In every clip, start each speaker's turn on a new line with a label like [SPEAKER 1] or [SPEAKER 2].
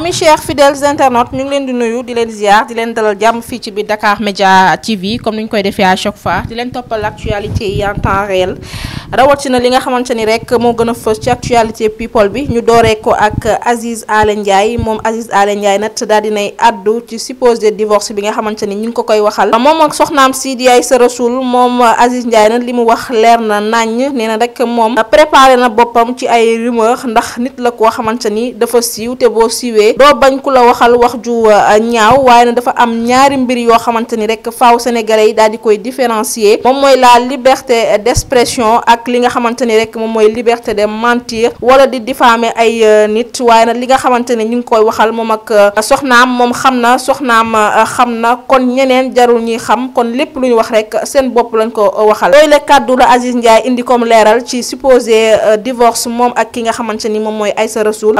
[SPEAKER 1] ami chers fidèles internautes ñu ngi leen di nuyu di leen ziar di leen dalal jàmm fii ci biir Dakar Media TV comme ni ñu koy defee à chaque fois di leen toppal actualité yi en temps réel rawatina li nga xamante rek moo gën a fës ci actualité people bi ñu ci supposé divorce bi nga xamante ni ñu ngi ko koy waxal moom ak soxnaam si di Aïssa moom Aziz Ndiaye nag li mu wax leer na naññ nee na rek moom préparé na boppam ci ay rumeur ndax nit la koo xamante ni dafa siiw liggéey doo bañ ku la waxal wax ju euh, ñaaw waaye nag dafa am ñaari mbir yoo xamante ni rek faaw sénégalais yi daal di koy différencier moom mooy la liberté d'expression ak li nga xamante ni rek moom mooy liberté de mentir wala di diffamer ay euh, nit waaye nag li nga xamante ni ñu ngi koy waxal moom ak euh, soxnaam moom xam na soxnaam xam na kon ñeneen jarul ñuy xam kon lépp lu ñu wax rek seen bopp lañ ko waxal yooyu la kàddu la Aziz Ndiaye indi comme leeral ci supposé divorce moom ak ki nga xamante ni moom mooy Aïssa Rassoul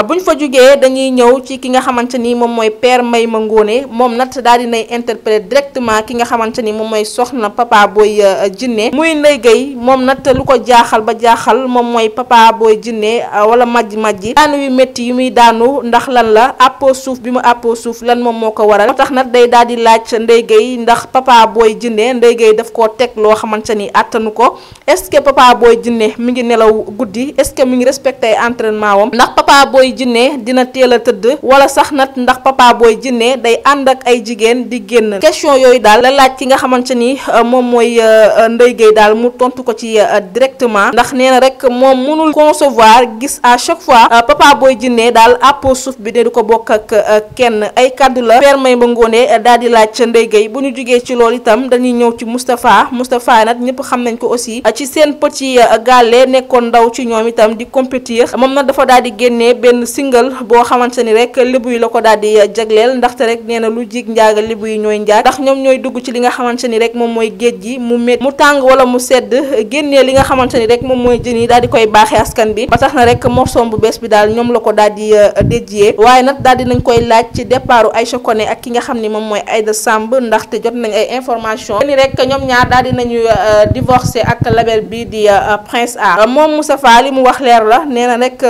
[SPEAKER 1] ki nga xamante ni moom mooy may ma Mangone moom nag daal di nay interpellé directement ki nga xamante ni moom mooy soxna papa booy euh, jinne muy Ndeye Gueye moom nag lu ko jaaxal ba jaaxal moom mooy papa booy jinne euh, wala majj majji daanu yu métti yu muy daanu ndax lan la àppoo suuf bi mu àppoo suuf lan moom moo ko waral moo tax nag day daal di laaj Ndeye Gueye ndax papa booy jinne Ndeye Gueye daf koo teg loo xamante ni àttanu ko est-ce que papa booy jinne mi ngi nelaw guddi est-ce que mi ngi respecté entraînement wam ndax papa booy jinne dina teel a tëdd wala sax nag ndax papa booy jinne day ànd ak ay jigéen di génn question yooyu daal la laaj ki nga xamante ni euh, moom mooy euh, Ndeye Gueye daal mu tontu ko ci euh, directement ndax nee na rek moom mënul concevoir gis à chaque fois papa booy jinne daal àpp suuf bi ne du ko bokk ak kenn ay kàddu la Père ba Ngoné daal di laaj Ndeye Gueye bu ñu jugee ci loolu itam dañuy ñëw ci Moustapha Moustapha nag ñëpp xam nañ ko aussi ci seen petit gàlle nekkoon ndaw ci ñoom itam di compétir moom nag dafa daal di génnee benn single boo xamante ni rek libu yi la ko daal di euh, jagleel ndaxte rek nee na lu jig njaaga libu yi ñooy njaag ndax ñoom ñooy dugg ci li nga xamante ni rek moom mooy géej gi mu mét mu tàng wala mu sedd génnee li nga xamante ni rek moom mooy jën yi daal di koy baaxee askan bi ba tax na rek morceau bu bees bi daal ñoom la ko daal di euh, dédié waaye nag daal di nañ koy laaj ci départu Aïcha Koné ak ki nga xam ni moom mooy Aïda Samb ndaxte jot nañ ay information ni rek ñoom ñaar daal di nañu euh, divorcé ak label bi di Prince Art moom Moustapha li mu wax leer la nee na rek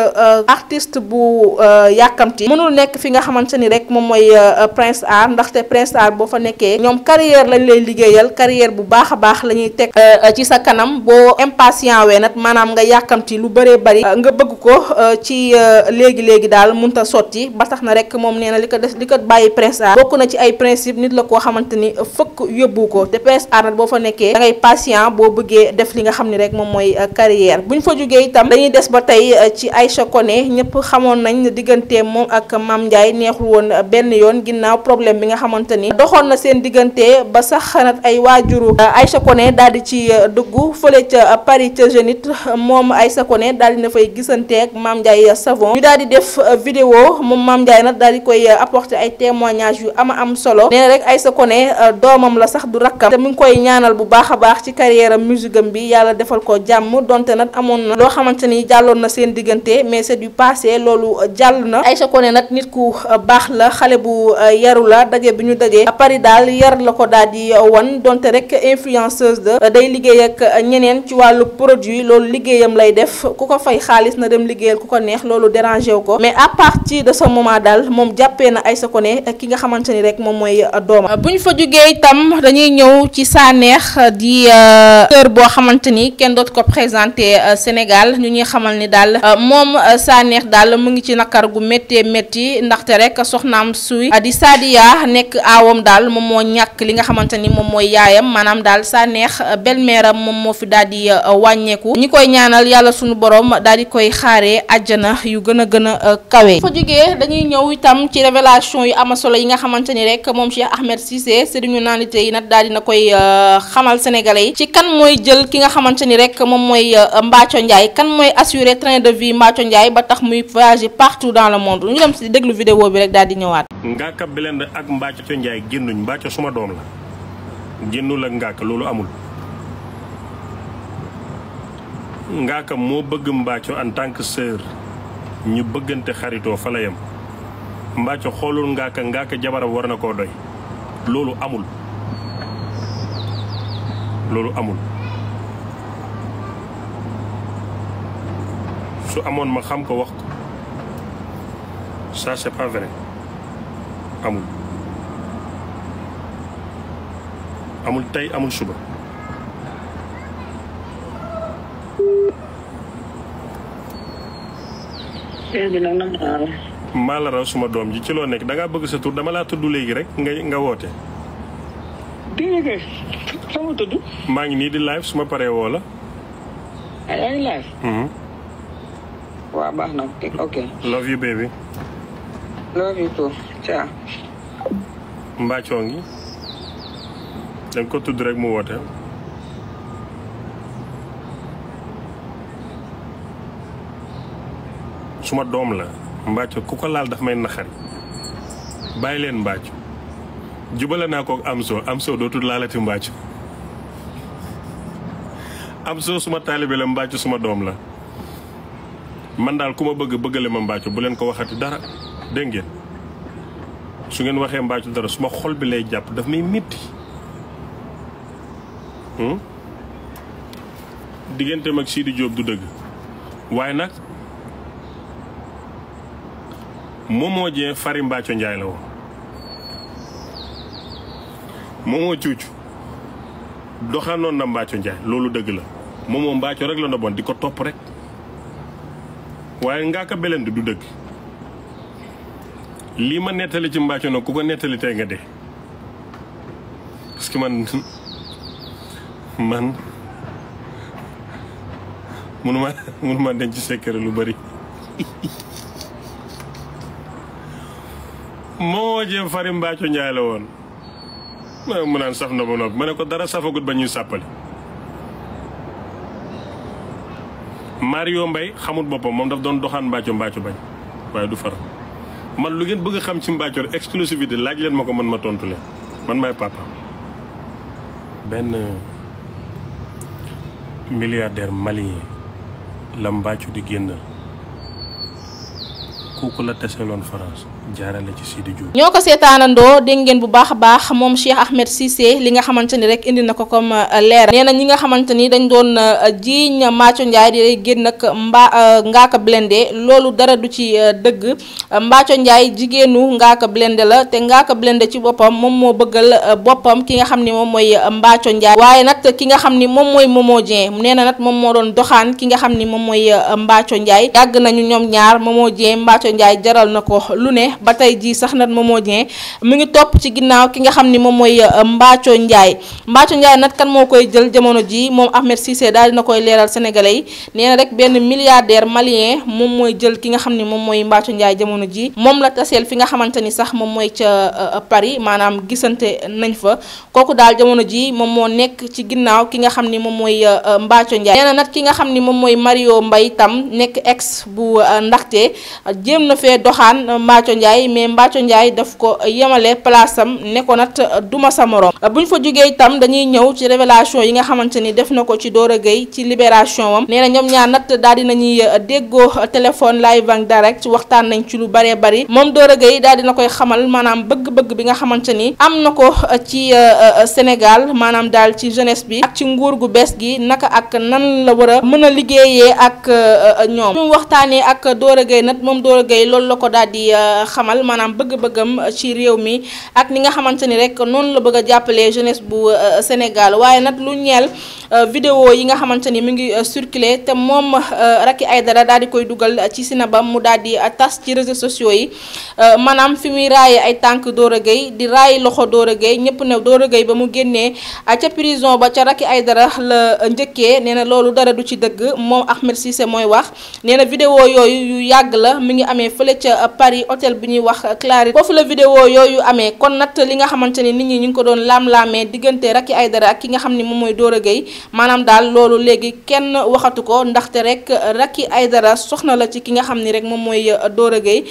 [SPEAKER 1] artiste bu yàkkamti mënul nekk fi nga xamante ni rek moom mooy euh, Prince Art ndaxte Prince Art boo fa nekkee ñoom carrière lañ lay liggéeyal carrière bu baax a baax la teg euh, ci sa kanam boo impatient wee maanaam nga yàkkamti lu bëree bëri euh, nga bëgg ko ci léegi léegi daal munta sotti ba tax na rek moom nee na li ko des li ko bàyyi Prince Art bokk na ci ay principe nit la koo xamante ni fëkk yóbbu ko te Prince Art nag boo fa nekkee da ngay patient boo bëggee def li nga xam ni rek moom mooy carrière bu ñu fa jógee itam dañuy des ba tey ci Aïcha Koné ñëpp xamoon nañ digganteem moom Mame Ndiaye neexul woon benn yoon ginnaaw problème bi nga xamante ni doxoon na seen diggante ba sax xanat ay waajuru Aïcha Koné daal di ci dugg fële ca Paris ca Zénith moom Aïcha Koné daal di na fay gisante ak Mame Ndiaye Savon daal di def vidéo moom Mame Ndiaye daal di koy apporter ay témoignages yu ama am solo nee na rek Aïcha euh, doomam la sax du rakkam te mi ngi koy ñaanal bu baax a baax ci carrière am musique am bi yàlla defal ko jàmm donte nag amoon na loo xamante ni jàlloon na seen diggante mais c'est du passé loolu jàll na Aïcha nag nit ku euh, baax la xale bu euh, yaru la daje bi ñu dajee Paris daal yar la ko daal di euh, wan donte rek influenceuse da day liggéey ak ñeneen ci wàllu produit loolu liggéeyam lay def ku ko fay xaalis na dem liggéeyal ku ko neex loolu dérangé wu ko mais à partir de ce moment daal moom jàppee na Aïssa Koné ki nga xamante ni rek moom mooy doomam bu ñu fa jógee itam dañuy ñëw ci Sanekh di sœur boo xamante ni kenn dootu ko présenté Sénégal ñu ñuy xamal ni daal moom Sanekh daal mu ci nakar ci ndaxte rek soxnaam suy di Sadia nekk aawam daal moom moo ñàkk li nga xamante ni moom mooy yaayam maanaam daal sa neex belle-mère moom moo fi daal di euh, wàññeeku ñi koy ñaanal yàlla sunu borom daal di koy xaaree ajana yu gën a gën a euh, kawe. fa jógee dañuy ñëw itam ci révélation yu am solo yi nga xamante ni rek moom Cheikh Ahmed Cissé ñu naanité yi nag daal di na koy euh, xamal sénégalais yi ci kan mooy jël ki nga xamante ni rek moom mooy Mbathio njaay kan mooy assurer train de vie Mbathio Ndiaye ba déglu vidéo bi rek daal di ñëwaat. Ngaaka
[SPEAKER 2] Blindé ak Mbathio Ndiaye génnuñ Mbathio suma doom la génnul ak Ngaaka loolu amul. Ngaaka moo bëgg Mbathio en tant que sœur ñu bëggante xaritoo fa la yem Mbathio xoolul Ngaaka Ngaaka jabaram war na koo doy loolu amul loolu amul su amoon ma xam ko wax ça c'est pas vrai amul amul tey amul suba maa la raw suma doom ji ci loo nekk da bëgg sa tur dama laa tudd léegi rek nga nga woote sama tudd maa ngi nii di live suma paree woo la yaa ngi live mhm. waaw baax na ok love you baby Love you ngi dañ ko tudd rek mu woote. suma doom la Mbacco ku ko laal daf may naxari bàyyi leen Mbacco jubale naa ko am soo am soo dootul laalati Mbacco am soo suma taalibe la Mbacco suma doom la man daal ku ma bëgg bëggale ma Mbacco bu leen ko waxati dara. dégg ngeen su ngeen waxee mbaacul dara suma xol bi lay jàpp dafa may métti hmm? digganteem ak Sidi jóob du dëgg waaye nag Momo Dieng fari Mbacco Ndiaye la woon Momo cuucu doxanoon na Mbacco Ndiaye loolu dëgg la Momo Mbacco rek la na di ko topp rek waaye Ngaaka Blindé du dëgg lii ma nettali ci mbàcco nag ku ko nettali tey nga dee parce que man man munuma munuma denc sekkere lu bari moo jëm fari mbàcco njaay la woon mu naan saf na ba noppi ma ne ko dara safagut ba ñuy sàppali Mario Mbaye xamut boppam moom daf doon doxaan mbàcco mbàcco bañ waaye du far man lu ngeen bëgg a xam ci Mbacor exclusivité laaj leen ma ko man ma tontu leen man maay papa benn milliardaire mali la Mbacor di génnal kooku la teseloon France jaarale ci Sidi Diouf ñoo ko seetaanandoo
[SPEAKER 1] dégg ngeen bu baax a baax moom Cheikh Ahmed Cissé li nga xamante ni rek indi na ko comme euh, leer nee na ñi nga xamante ni dañ doon euh, jiiñ Mbathio Ndiaye génn ak mbaa euh, Ngaaka Blindé loolu dara du ci dëgg Mbathio Ndiaye jigéenu Ngaaka Blindé la te Ngaaka Blindé ci boppam moom moo bëggal boppam ki nga xam ni moom mooy Mbathio Ndiaye waaye nag ki nga xam ni moom mooy Momo Dieng nee na moom moo doon doxaan ki nga xam ni moom mooy Mbathio Ndiaye yàgg nañu ñoom ñaar Momo Dieng Mbathio Ndiaye jaral na ko lu ne ne ba tey jii sax nag Momo Dieng mi ngi topp ci ginnaaw ki nga xam ni moom mooy euh, Mbathio njaay Mbathio Ndiaye nag kan moo koy jël jamono jii moom Ahmed Cissé daal dina koy leeral sénégalais nee rek benn milliardaire malien moom mooy jël ki nga xam ni moom mooy Mbathio Ndiaye jamono jii moom la taseel fi nga xamante ni sax moom mooy ca euh, euh, Paris maanaam gisante nañ fa kooku daal jamono jii moom moo nekk ci ginnaaw ki nga xam ni moom mooy Mbathio Ndiaye nee na nag ki nga xam ni moom mooy Mario Mbaye tam nekk ex bu ndaxte jéem na fee doxaan Mbathio Ndiaye mais Mbathio Ndiaye daf ko yemale place am ne ko nag duma sa bu ñu fa jógee itam dañuy ñëw ci révélation yi nga xamante ni def na ko ci Dora Gueye ci libération wam na ñoom ñaar nag daal di euh, déggoo téléphone live en direct waxtaan nañ ci lu bëree bari moom Dora Gueye daal dina koy xamal maanaam bëgg-bëgg bi nga xamante ni am na ko euh, ci euh, Sénégal maanaam daal ci jeunesse bi ak ci nguur gu bees gi naka ak nan la war a mën a liggéeyee ak ñoom ñu waxtaanee ak Dora Gueye nag moom Dora Gueye loolu la ko daal di xamal maanaam bëgg-bëggam ci réew mi ak ni nga xamante ni rek noonu la bëgg a jàppale jeunesse bu euh, Sénégal waaye nag lu ñeel euh, vidéo yi nga xamante ni mu ngi euh, circuler te moom ay dara daal di koy dugal ci sinabam mu daal di tas ci réseaux sociaux yi maanaam fi muy raaye ay tànk Doro Gueye di raaye loxo Doro Gueye ñëpp ne Doro Gueye ba mu génnee ca prison ba ca Racky Aïdara la njëkkee nee na loolu dara du ci dëgg moom Ahmed Cissé mooy wax nee na vidéo bi ñuy wax Clarisse foofu la vidéo yooyu amee kon nag li nga xamante ni nit ñi ñu ngi ko doon laam-laamee diggante Racky Aïdara ak ki nga xam ni moom mooy Doro Gueye maanaam daal loolu léegi kenn waxatu ko ndaxte rek Racky Aïdara soxna la ci ki nga xam ni rek moom mooy Doro Gueye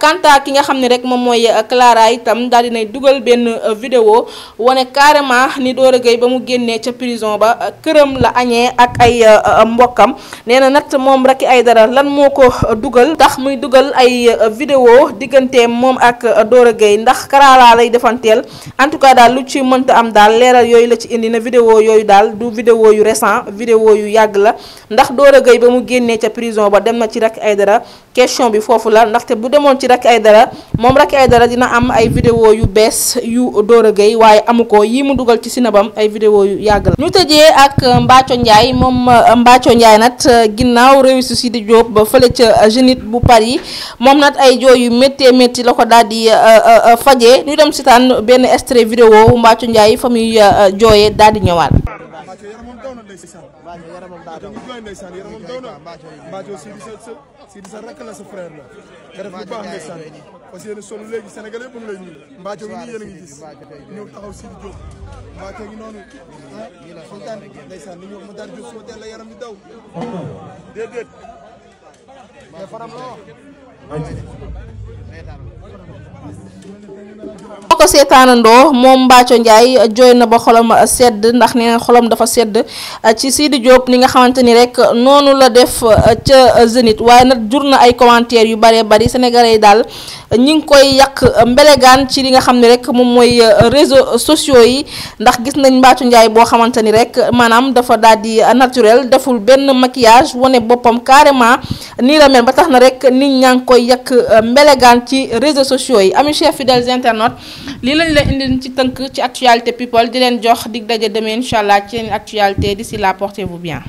[SPEAKER 1] quant à ki nga xam ni rek moom mooy Clara itam daal dinay dugal benn video wane carrément ni Doro Gueye ba mu génnee ca prison ba këram la añee ak ay euh, mbokkam nee na nag moom ay dara lan moo ko dugal tax muy dugal ay euh, vidéo digg digganteem moom ak euh, Doro Gueye ndax Karala lay defanteel en tout cas daal lu ci mënta am daal leeral yooyu la ci indi na vidéo yooyu daal du vidéo yu récent vidéo yu yàgg la ndax Doro Gueye ba mu génnee ca prison ba dem na ci Racky Aïdara question bi foofu la ndaxte bu demoon ci ay Aïdara moom Racky Aïdara dina am ay vidéo yu bees yu Doro Gueye waaye amu ko yii mu dugal ci sinabam ay vidéo yu yàgg la ñu tëjee ak euh, Mbathio Ndiaye moom euh, Mbathio Ndiaye nag ginnaaw réussite si ba fële ca Zénith méttee métti la ko daal di euh, euh, euh, fajee ñu dem sitaan benn extrait vidéo Mbathio Ndiaye fa muy jooyee daal di ñëwaat. Mbathio yaramam
[SPEAKER 2] daw na ndeysaan yaramam daw na Mbathio Sidi sa Sidi sa sa frère la
[SPEAKER 1] nga def lu baax ndeysaan
[SPEAKER 2] parce que yéen a sonn léegi Sénégal yëpp ngi lay nuyu Mbathio mi a Aïe.
[SPEAKER 1] boo ko seetaanandoo moom Mbathio Ndiaye jooy na ba xolam sedd ndax nee na xolam dafa sedd ci Sidi Diop ni nga xamante ni rek noonu la def uh, ca uh, Zénith waaye nag jur na ay commentaires yu bëree bari sénégalais yi daal ñi ngi koy yàq mbelegaan ci li nga xam ne rek moom mooy uh, réseaux sociaux yi ndax gis nañ Mbathio Ndiaye boo xamante ni rek maanaam dafa daal di naturel deful benn maquillage wane boppam carrément nii la mel ba tax na rek nit ñaa ngi koy yàq mbelegaan ci réseaux sociaux yi amis chers fidèles internautes lii lañ leen indi ci tënk ci actualité people di leen jox di daje demee incha allah ci yeneen actualité d'ici là portez-vous bien.